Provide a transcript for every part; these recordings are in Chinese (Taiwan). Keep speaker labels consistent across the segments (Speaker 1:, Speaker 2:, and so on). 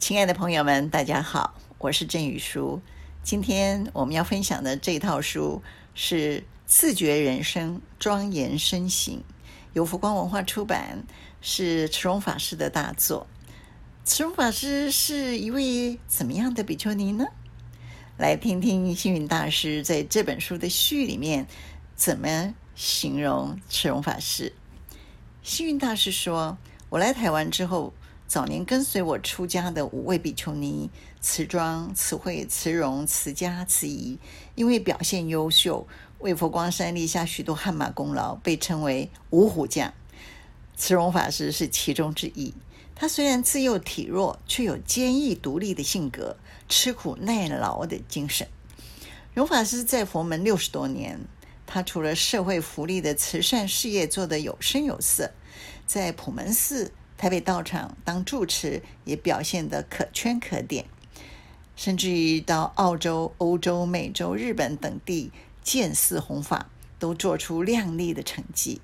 Speaker 1: 親愛的朋友們，大家好，我是鄭羽書，今天我們要分享的這一套書是《自覺人生莊嚴身行》，由佛光文化出版，是慈容法師的大作。慈容法師是一位怎麼樣的比丘尼呢？來聽聽星雲大師在這本書的序裡面怎麼形容慈容法師。星雲大師說：“我來台灣之後。”早年跟隨我出家的五位比丘尼慈莊、慈慧、慈容、慈嘉、慈怡，因為表現優秀，為佛光山立下許多汗馬功勞，被稱為“五虎將”。慈容法師是其中之一。他雖然自幼體弱，卻有堅毅獨立的性格，吃苦耐勞的精神。容法師在佛門六十多年，他除了社會福利的慈善事業做得有聲有色，在普門寺、台北道場當住持，也表現得可圈可點，甚至於到澳洲、歐洲、美洲、日本等地建寺弘法，都做出亮麗的成績。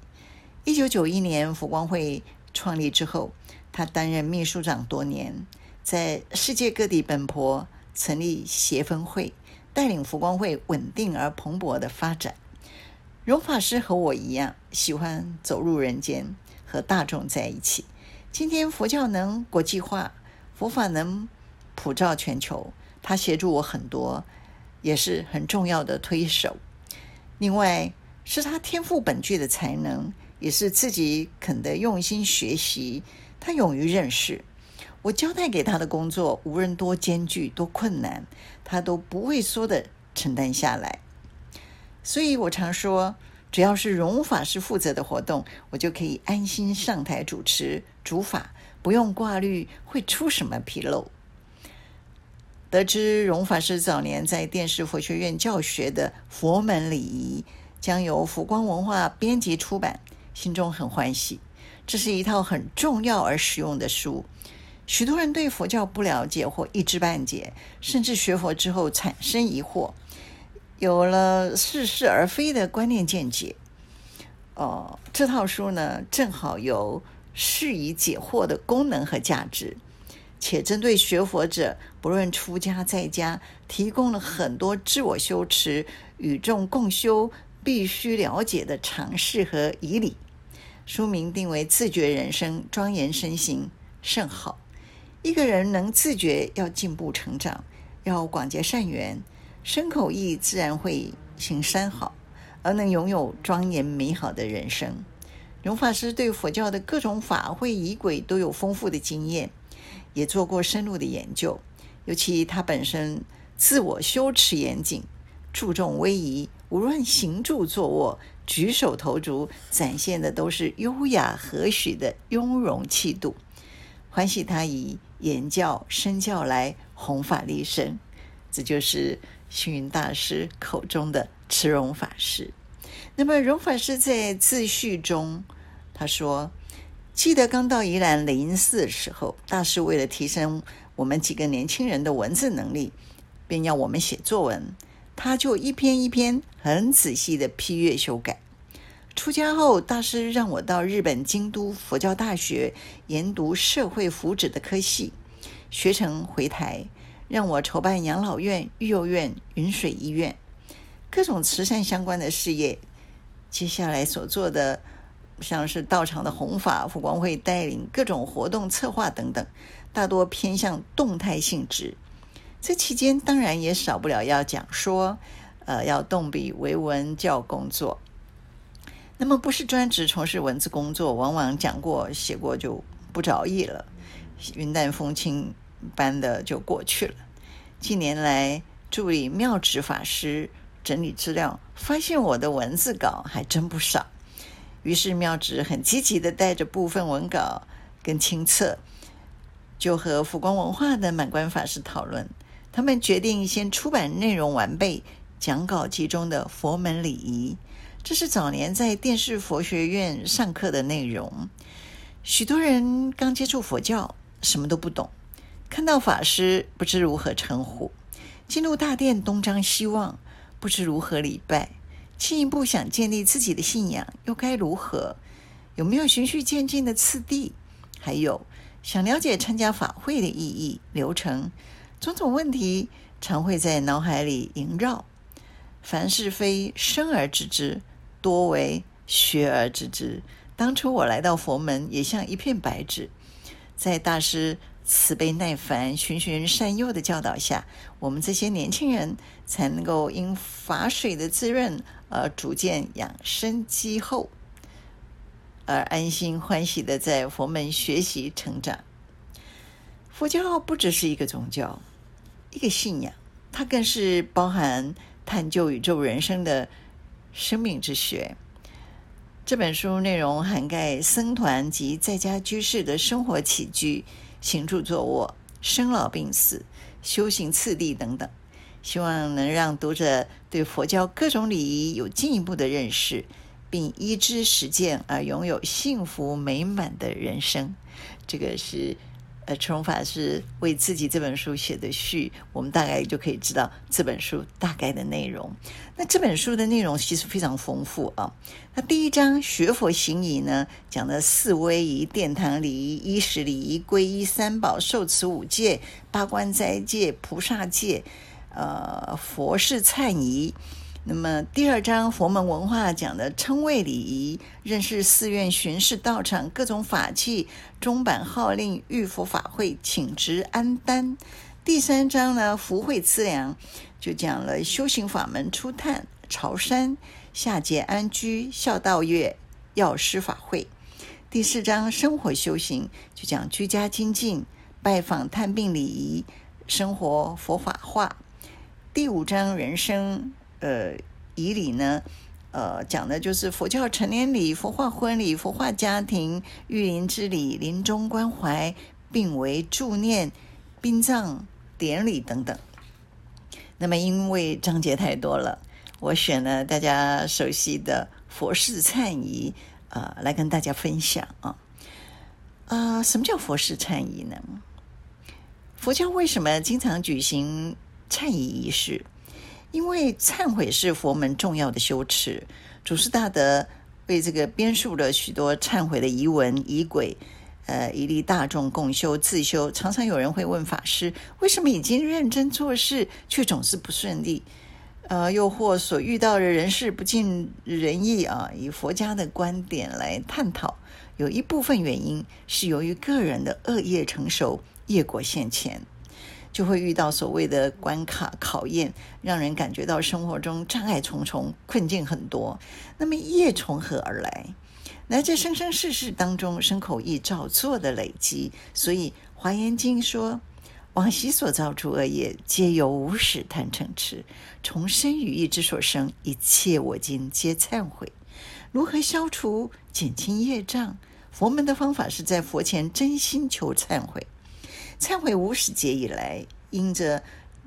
Speaker 1: 一九九一年佛光會創立之後，他擔任秘書長多年，在世界各地奔波成立協分會，帶領佛光會穩定而蓬勃的發展。榮法師和我一樣，喜歡走入人間，和大眾在一起。今天佛教能國際化，佛法能普照全球，他協助我很多，也是很重要的推手。另外是他天賦本具的才能，也是自己肯得用心學習，他勇於認識。我交代給他的工作，無論多艱巨、多困難，他都不畏縮的承擔下來。所以我常說。只要是榮法師負責的活動，我就可以安心上台主持主法，不用掛慮會出什麼紕漏。得知榮法師早年在電視佛學院教學的佛門禮儀將由佛光文化編輯出版，心中很歡喜。這是一套很重要而實用的書，許多人對佛教不了解或一知半解，甚至學佛之後產生疑惑，有了似是而非的觀念見解，哦，這套書呢，正好有釋疑解惑的功能和價值，且針對學佛者，不論出家在家，提供了很多自我修持、與眾共修必須了解的常識和儀禮。書名定為“自覺人生，莊嚴身行”，甚好。一個人能自覺要進步成長，要廣結善緣。身口意自然會行三好，而能擁有莊嚴美好的人生。榮法師對佛教的各種法會儀軌都有豐富的經驗，也做過深入的研究。尤其他本身自我修持嚴謹，注重威儀，無論行住坐臥、舉手投足，展現的都是優雅和煦的雍容氣度。歡喜他以言教身教來弘法利生，這就是。星雲大師口中的慈容法師，那麼容法師在自序中，他說：“記得剛到宜蘭雷音寺的時候，大師為了提升我們幾個年輕人的文字能力，便要我們寫作文，他就一篇一篇很仔細地批閱修改。出家後，大師讓我到日本京都佛教大學研讀社會福祉的科系，學成回台。”讓我籌辦養老院、育幼院、雲水醫院，各種慈善相關的事業。接下來所做的，像是道場的弘法、佛光會帶領各種活動策劃等等，大多偏向動態性質。這期間當然也少不了要講說，呃，要動筆、為文教工作。那麼不是專職從事文字工作，往往講過、寫過就不着意了，雲淡風輕般的就過去了。近年來，助理妙智法師整理資料，發現我的文字稿還真不少。於是妙智很積極的帶着部分文稿跟清冊，就和佛光文化的滿觀法師討論。他們決定先出版內容完備講稿集中的佛門禮儀，這是早年在電視佛學院上課的內容。許多人剛接觸佛教，什麼都不懂。看到法師不知如何稱呼，進入大殿東張西望，不知如何禮拜，進一步想建立自己的信仰又該如何？有沒有循序漸進的次第？還有想了解參加法會的意義、流程，種種問題常會在腦海裡縈繞。凡事非生而知之，多為學而知之。當初我來到佛門，也像一片白紙，在大師慈悲耐煩、循循善誘的教導下，我們這些年輕人才能夠因法水的滋潤而逐漸養深積厚，而安心歡喜地在佛門學習成長。佛教不只是一個宗教、一個信仰，它更是包含探究宇宙人生的生命之學。這本書內容涵蓋僧團及在家居士的生活起居。行住坐臥、生老病死、修行次第等等，希望能讓讀者對佛教各種禮儀有進一步的認識，並依之實踐而擁有幸福美滿的人生。這個是。呃，成法師為自己這本書寫的序，我們大概就可以知道這本書大概的內容。那這本書的內容其實非常豐富啊。那第一章學佛行儀呢，講的四威儀、殿堂禮儀、衣食禮儀、皈依三寶、受持五戒、八關齋戒、菩薩戒，呃，佛事懺儀。那麼第二章佛門文化講的稱謂禮儀，認識寺院、巡視道場、各種法器、鐘板號令、浴佛法會請職安單。第三章呢，福慧資糧，就講了修行法門初、出探朝山、夏節安居、孝道月、藥師法會。第四章生活修行就講居家精進、拜訪探病禮儀、生活佛法化。第五章人生。呃，儀禮呢，呃，講的就是佛教成年禮、佛化婚禮、佛化家庭、育林之禮、臨終關懷、病危助念、殯葬典禮等等。那麼，因為章節太多了，我選了大家熟悉的佛事懺儀啊，來跟大家分享啊。呃，什麼叫佛事懺儀呢？佛教為什麼經常舉行懺儀儀式？因為懺悔是佛門重要的修持，祖師大德為這個編述了許多懺悔的儀文、儀軌，呃，以利大眾共修、自修。常常有人會問法師：為什麼已經認真做事，卻總是不順利？呃，又或所遇到的人事不盡人意啊？以佛家的觀點來探討，有一部分原因是由於個人的惡業成熟，業果現前。就會遇到所謂的關卡考驗，讓人感覺到生活中障礙重重，困境很多。那麼業從何而來？來自生生世世當中身口意造作的累積。所以《華嚴經》說：“往昔所造諸惡業，皆由無始貪嗔痴，從身語意之所生。一切我今皆懺悔。”如何消除、減輕業障？佛門的方法是在佛前真心求懺悔。懺悔無始劫以來，因着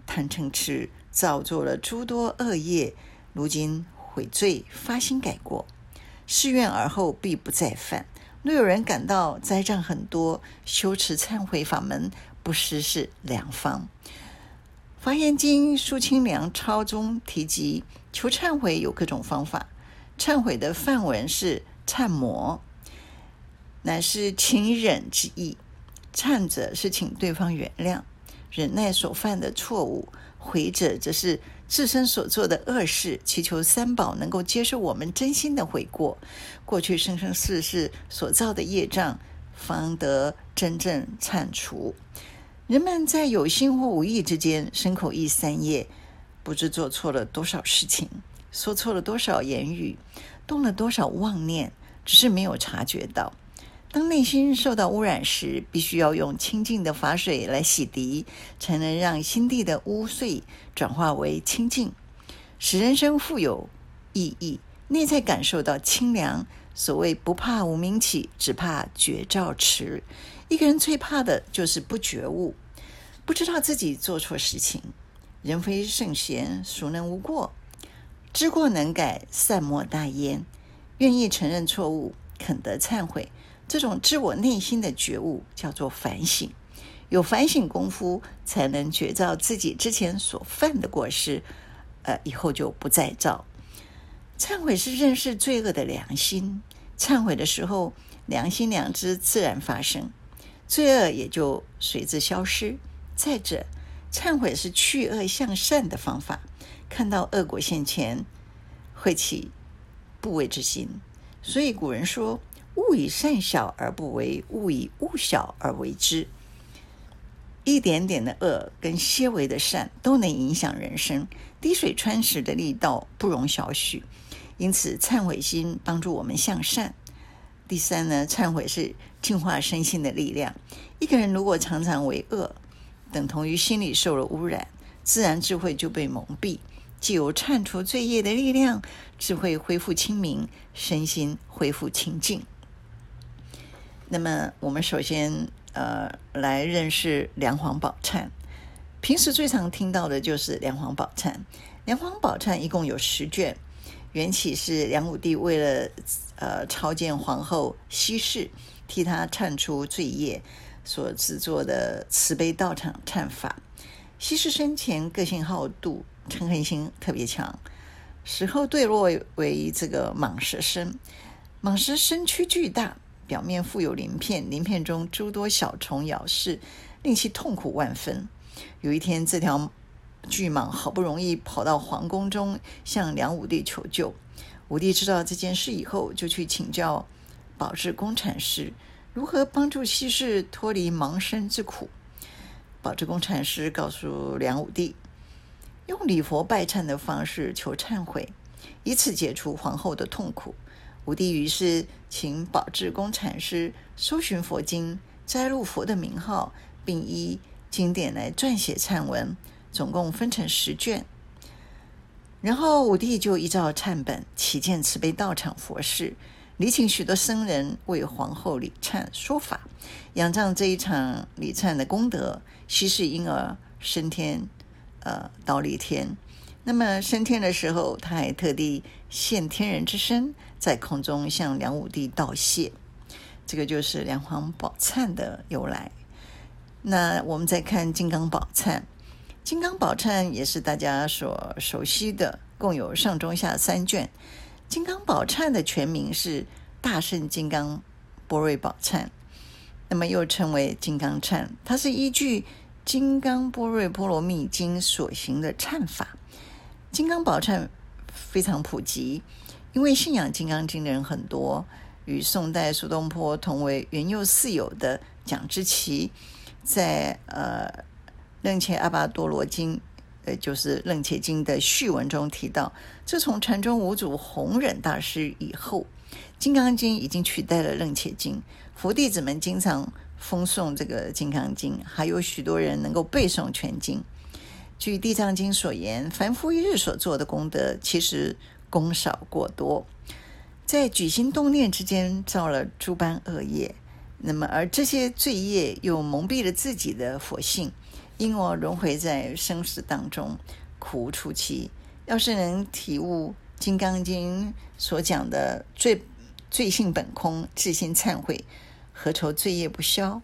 Speaker 1: 貪嗔痴造作了諸多惡業，如今悔罪發心改過，誓願而後必不再犯。若有人感到災障很多，修持懺悔法門不失是良方。《華嚴經》疏清涼抄中提及，求懺悔有各種方法。懺悔的梵文是懺摩，乃是請忍之意。懺者是請對方原諒、忍耐所犯的錯誤；悔者則是自身所做的惡事，祈求三寶能夠接受我們真心的悔過，過去生生世世所造的業障，方得真正鏟除。人們在有心或無意之間，身口意三業，不知做錯了多少事情，說錯了多少言語，動了多少妄念，只是沒有察覺到。當內心受到污染時，必須要用清淨的法水來洗滌，才能讓心地的污穢轉化為清淨，使人生富有意義。內在感受到清涼。所謂不怕無名無明起，只怕覺照遲。一個人最怕的就是不覺悟，不知道自己做錯事情。人非聖賢，孰能無過？知過能改，善莫大焉。願意承認錯誤，肯得懺悔。這種自我內心的覺悟叫做反省，有反省功夫，才能覺照自己之前所犯的過失，呃，以後就不再造。懺悔是認識罪惡的良心，懺悔的時候，良心良知自然發生，罪惡也就隨之消失。再者，懺悔是去惡向善的方法，看到惡果現前，會起不畏之心。所以古人說。勿以善小而不為，勿以惡小而為之。一點點的惡跟些微的善都能影響人生，滴水穿石的力道不容小覷。因此，懺悔心幫助我們向善。第三呢，懺悔是淨化身心的力量。一個人如果常常為惡，等同於心裡受了污染，自然智慧就被蒙蔽，既有懺除罪業的力量，智慧恢復清明，身心恢復清淨。那麼，我們首先呃來認識《梁皇寶懺》。平時最常聽到的就是梁寶《梁皇寶懺》。《梁皇寶懺》一共有十卷，緣起是梁武帝為了呃朝見皇后西氏，替她懺除罪業所制作的慈悲道場懺法。西氏生前個性好妒，嗔恨心特別強，死後墮落為，為這個蟒蛇身。蟒蛇身軀巨大。表面附有鱗片，鱗片中諸多小蟲咬噬，令其痛苦萬分。有一天，這條巨蟒好不容易跑到皇宮中，向梁武帝求救。武帝知道這件事以後，就去請教寶志公禪師，如何幫助郗氏脫離蟒生之苦。寶志公禪師告訴梁武帝，用禮佛拜懺的方式求懺悔，以此解除皇後的痛苦。武帝於是請寶志公禪師搜尋佛經，摘錄佛的名號，並依經典來撰寫懺文，總共分成十卷。然後武帝就依照懺本啟建慈悲道場佛事，禮請許多僧人為皇后禮懺說法，仰仗這一場禮懺的功德，稀世嬰兒升天，呃，忉利天。那麼升天的時候，他還特地現天人之身。在空中向梁武帝道謝，這個就是《梁皇寶懺》的由來。那我們再看金剛寶《金剛寶懺》，《金剛寶懺》也是大家所熟悉的，共有上中下三卷。《金剛寶懺》的全名是《大聖金剛般若寶懺》，那麼又稱為《金剛懺》，它是依據《金剛般若波羅蜜經》所行的懺法。《金剛寶懺》非常普及。因為信仰《金剛經》的人很多，與宋代蘇東坡同為元祐四友的蔣之奇，在呃《楞伽阿跋多羅經》呃就是《楞伽經》的序文中提到，自從禪宗五祖弘忍大師以後，《金剛經》已經取代了《楞伽經》，佛弟子們經常奉誦這個《金剛經》，還有許多人能夠背誦全經。據《地藏經》所言，凡夫一日所做的功德，其實，功少過多，在舉心動念之間造了諸般惡業，那麼而這些罪業又蒙蔽了自己的佛性，因而輪回在生死當中苦無出期。要是能體悟《金剛經》所講的罪“罪罪性本空”，至心懺悔，何愁罪業不消？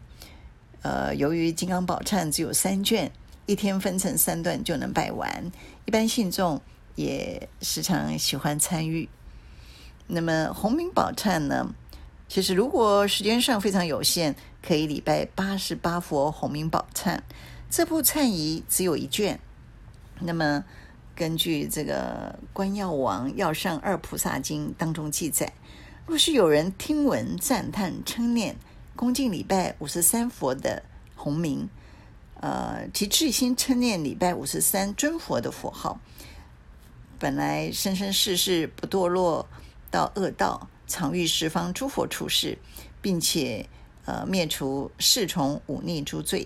Speaker 1: 呃，由於《金剛寶懺》只有三卷，一天分成三段就能拜完。一般信眾也時常喜歡參與。那麼，洪名寶懺呢？其實，如果時間上非常有限，可以禮拜八十八佛洪名寶懺。這部懺儀只有一卷。那麼，根據這個《觀藥王藥上二菩薩經》當中記載，若是有人聽聞讚歎稱念恭敬禮拜五十三佛的洪名，呃，及至心稱念禮拜五十三尊佛的佛號。本來生生世世不墮落到惡道，常遇十方諸佛出世，並且呃滅除四重五逆諸罪。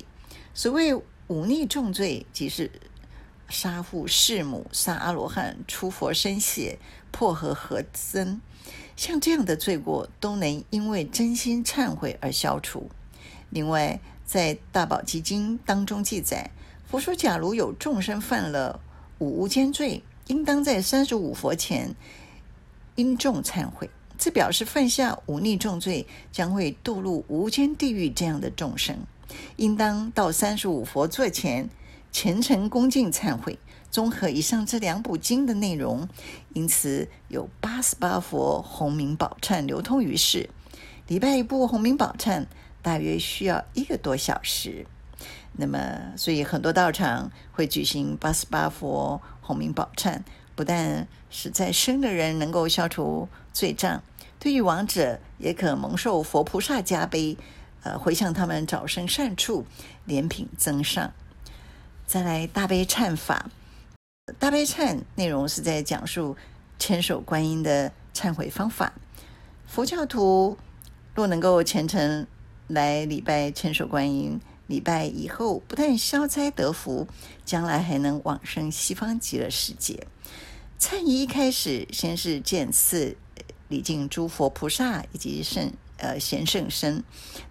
Speaker 1: 所謂五逆重罪，即是殺父弑母、殺阿羅漢、出佛身血、破和合僧。像這樣的罪過，都能因為真心懺悔而消除。另外，在《大寶積經》當中記載，佛說假如有眾生犯了五無間罪。應當在三十五佛前殷重懺悔。這表示犯下忤逆重罪將會墮入無間地獄這樣的眾生，應當到三十五佛座前虔誠恭敬懺悔。綜合以上這兩部經的內容，因此有八十八佛洪名寶懺流通於世。禮拜一部洪名寶懺，大約需要一個多小時。那麼，所以很多道場會舉行八十八佛洪名寶懺，不但使在生的人能夠消除罪障，對於亡者也可蒙受佛菩薩加被，呃，回向他們早生善處，蓮品增上。再來大悲懺法，大悲懺內容是在講述千手觀音的懺悔方法。佛教徒若能夠虔誠來禮拜千手觀音。禮拜以後，不但消災得福，將來還能往生西方極樂世界。懺儀一開始，先是見寺、禮敬諸佛菩薩以及聖呃賢聖僧。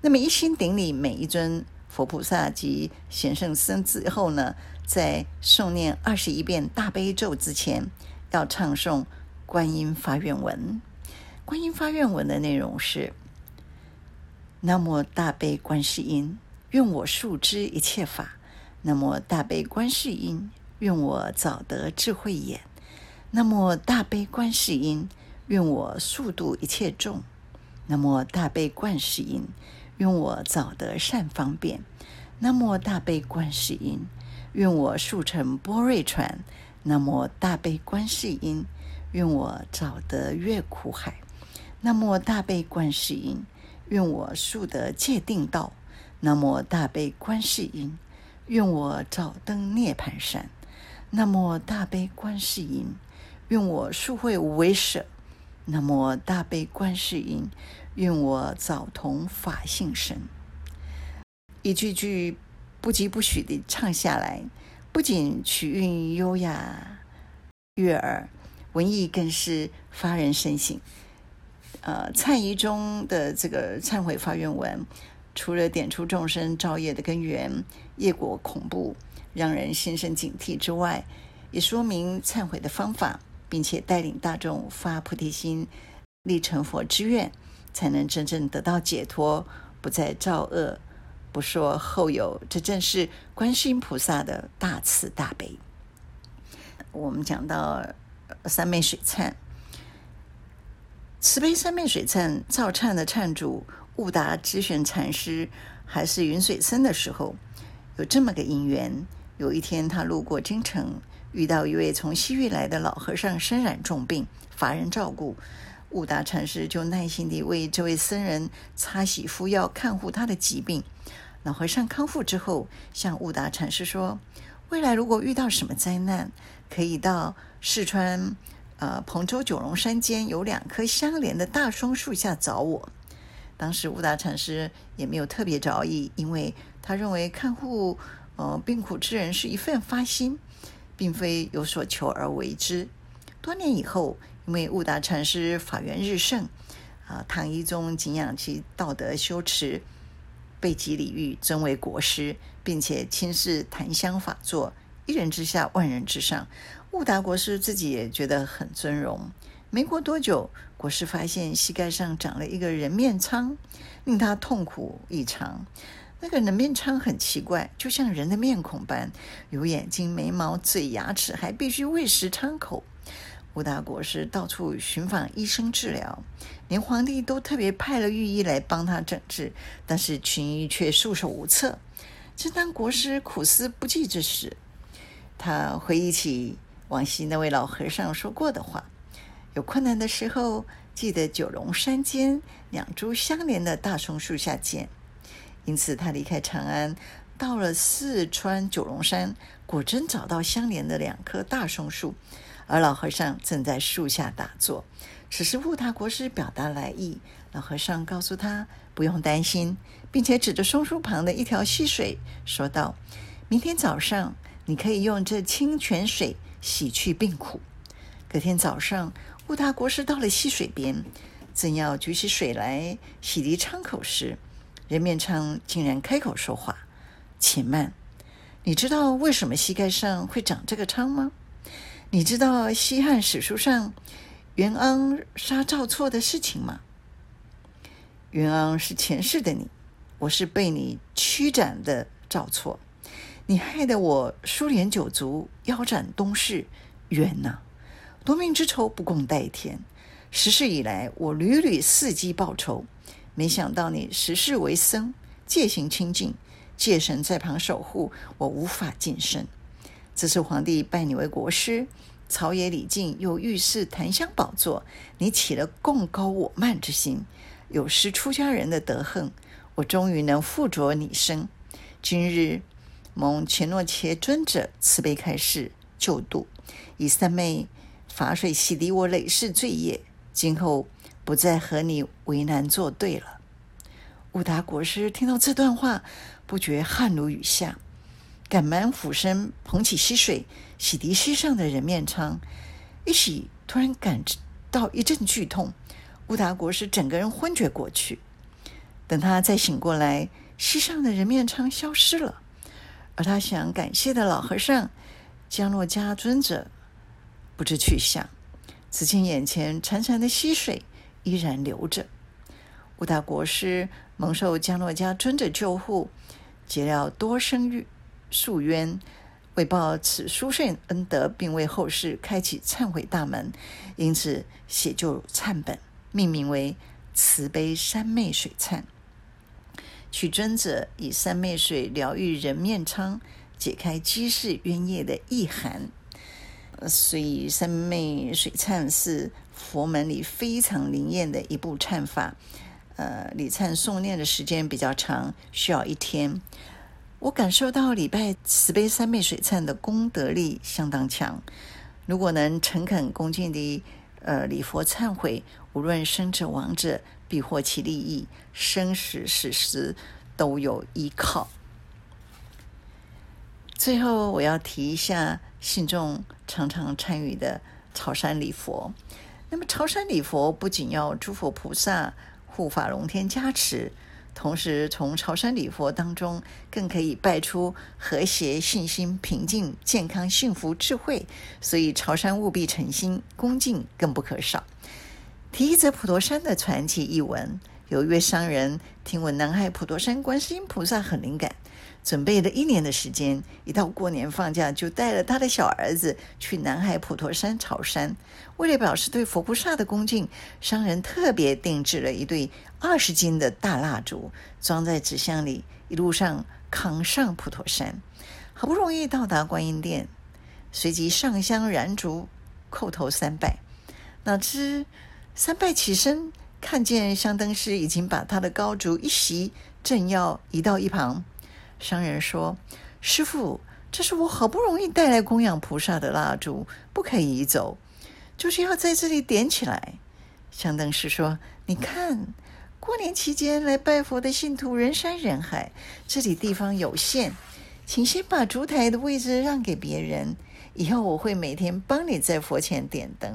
Speaker 1: 那麼一心頂禮每一尊佛菩薩及賢聖僧之後呢，在誦念二十一遍大悲咒之前，要唱誦觀音发願文。觀音发願文的內容是：南無大悲觀世音。願我速知一切法，南無大悲觀世音；願我早得智慧眼，南無大悲觀世音；願我速度一切眾，南無大悲觀世音；願我早得善方便，南無大悲觀世音；願我速乘般若船，南無大悲觀世音；願我早得越苦海，南無大悲觀世音；願我速得戒定道。南無大悲觀世音，願我早登涅槃山；南無大悲觀世音，願我速會無為舍；南無大悲觀世音，願我早同法性身。一句句不疾不徐地唱下來，不僅曲韻優雅悅耳，文藝更是發人深省。呃，懺儀中的這個懺悔發願文。除了點出眾生造業的根源、業果恐怖，讓人心生警惕之外，也說明懺悔的方法，並且帶領大眾發菩提心、立成佛之願，才能真正得到解脫，不再造惡，不說後有。這正是觀世音菩薩的大慈大悲。我們講到三昧水懺，慈悲三昧水懺，造懺的懺主。悟達知玄禪師還是雲水僧的時候，有這麼個因緣。有一天，他路過京城，遇到一位從西域來的老和尚，身染重病，乏人照顧。悟達禪師就耐心地為這位僧人擦洗、敷藥、看護他的疾病。老和尚康復之後，向悟達禪師說：“未來如果遇到什麼災難，可以到四川，呃，彭州九龍山間有兩棵相連的大松樹下找我。”當時悟達禪師也沒有特別着意，因為他認為看護，呃，病苦之人是一份發心，並非有所求而為之。多年以後，因為悟達禪師法緣日盛，啊，唐懿宗景仰其道德修持，備極禮遇，尊為國師，並且親侍檀香法座，一人之下，萬人之上。悟達國師自己也覺得很尊榮。沒過多久，國師發現膝蓋上長了一個人面瘡，令他痛苦異常。那個人面瘡很奇怪，就像人的面孔般，有眼睛、眉毛、嘴、牙齒，還必須餵食瘡口。悟達國師到處尋訪醫生治療，連皇帝都特別派了御醫來幫他診治，但是群醫卻束手無策。正當國師苦思不濟之時，他回憶起往昔那位老和尚說過的話。有困難的時候，記得九龍山間兩株相連的大松樹下見。因此，他離開長安，到了四川九龍山，果真找到相連的兩棵大松樹，而老和尚正在樹下打坐。此時，悟達國師表達來意，老和尚告訴他不用擔心，並且指着松樹旁的一條溪水說道：“明天早上，你可以用這清泉水洗去病苦。”隔天早上。悟達國師到了溪水邊，正要舉起水來洗滌瘡口時，人面瘡竟然開口說話：“且慢！你知道為什麼膝蓋上會長這個瘡嗎？你知道西漢史書上袁盎殺晁錯的事情嗎？袁盎是前世的你，我是被你驅斬的晁錯，你害得我誅連九族，腰斬東市，冤呢、啊奪命之仇，不共戴天。十世以來，我屢屢伺機報仇，沒想到你十世為僧，戒行清淨，戒神在旁守護，我無法近身。這次皇帝拜你為國師，朝野禮敬，又御賜檀香寶座，你起了貢高我慢之心，有失出家人的德行。我終於能附着你身。今日蒙迦諾迦尊者慈悲開示救度，以三昧法水洗滌我累世罪業，今後不再和你為難作對了。悟達國師聽到這段話，不覺汗如雨下，趕忙俯身捧起溪水洗滌膝上的人面瘡，一洗突然感到一陣劇痛，悟達國師整個人昏厥過去。等他再醒過來，膝上的人面瘡消失了，而他想感謝的老和尚迦諾迦尊者。不知去向。只見眼前潺潺的溪水依然流着。悟達國師蒙受迦諾迦尊者救護，結了多生玉夙冤，為報此殊勝恩德，並為後世開啟懺悔大門，因此寫就懺本，命名為《慈悲三昧水懺》，取尊者以三昧水療癒人面瘡、解開積世冤業的意涵。所以，三昧水懺是佛門裡非常靈驗的一部懺法。呃，禮懺誦念的時間比較長，需要一天。我感受到禮拜慈悲三昧水懺的功德力相當強。如果能誠懇恭敬地呃禮佛懺悔，無論生者亡者，必獲其利益。生時死時都有依靠。最後，我要提一下信眾。常常參與的朝山禮佛，那麼朝山禮佛不僅要諸佛菩薩護法龍天加持，同時從朝山禮佛當中更可以拜出和諧、信心、平靜、健康、幸福、智慧，所以朝山務必誠心恭敬，更不可少。提一則普陀山的傳奇譯文。有一位商人聽聞南海普陀山觀世音菩薩很靈感，準備了一年的時間，一到過年放假就帶了他的小兒子去南海普陀山朝山。為了表示對佛菩薩的恭敬，商人特別定制了一對二十斤的大蠟燭，裝在紙箱裡，一路上扛上普陀山。好不容易到達觀音殿，隨即上香燃燭、叩頭三拜。哪知三拜起身，看見香燈師已經把他的高燭一熄，正要移到一旁。商人說：“師父，這是我好不容易帶來供養菩薩的蠟燭，不可以移走，就是要在這裡點起來。”香燈師說：“你看，過年期間來拜佛的信徒人山人海，這裡地方有限，請先把燭台的位置讓給別人，以後我會每天幫你在佛前點燈。”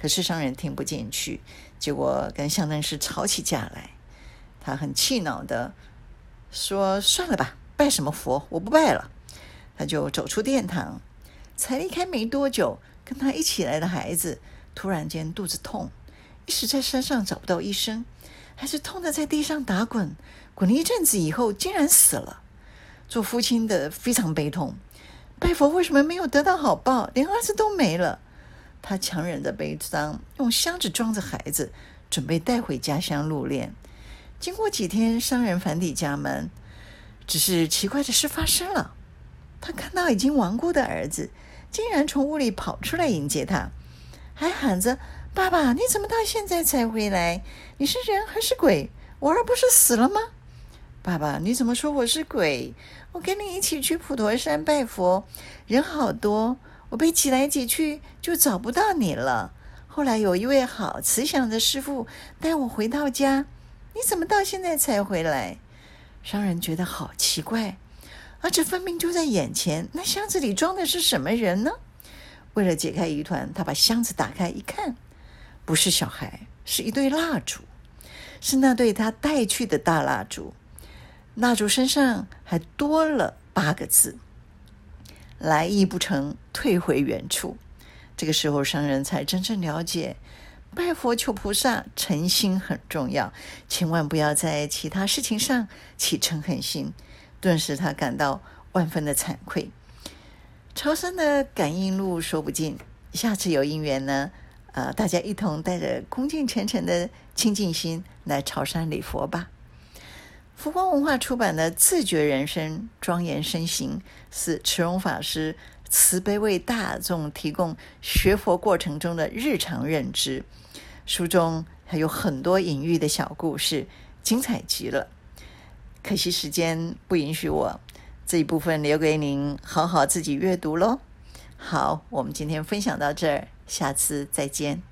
Speaker 1: 可是商人聽不進去，結果跟香燈師吵起架來。他很氣惱地說：“算了吧，拜什麼佛？我不拜了。”他就走出殿堂。才離開沒多久，跟他一起來的孩子突然間肚子痛，一時在山上找不到醫生，還是痛得在地上打滾。滾了一陣子以後，竟然死了。做父親的非常悲痛，拜佛為什麼沒有得到好報？連兒子都沒了。他強忍着悲傷，用箱子裝着孩子，準備帶回家鄉入殮。經過幾天，商人返抵家門，只是奇怪的事發生了。他看到已經亡故的兒子，竟然從屋裡跑出來迎接他，還喊着：“爸爸，你怎麼到現在才回來？你是人還是鬼？我兒不是死了嗎？”“爸爸，你怎麼說我是鬼？我跟你一起去普陀山拜佛，人好多。”我被擠來擠去，就找不到你了。後來有一位好慈祥的師父帶我回到家。你怎麼到現在才回來？商人覺得好奇怪，而且分明就在眼前。那箱子裡裝的是什麼人呢？為了解開疑團，他把箱子打開一看，不是小孩，是一對蠟燭，是那對他帶去的大蠟燭。蠟燭身上還多了八個字。來意不成，退回原處。這個時候，商人才真正了解，拜佛求菩薩，誠心很重要，千萬不要在其他事情上起嗔恨心。頓時，他感到萬分的慚愧。朝山的感應錄說不盡，下次有因緣呢，呃，大家一同帶着恭敬虔誠的清淨心來朝山禮佛吧。佛光文化出版的《自覺人生，莊嚴身行》，是慈容法師慈悲為大眾提供學佛過程中的日常認知。書中還有很多隱喻的小故事，精彩極了。可惜時間不允許我這一部分留給您好好自己閱讀嘍。好，我們今天分享到這兒，下次再見。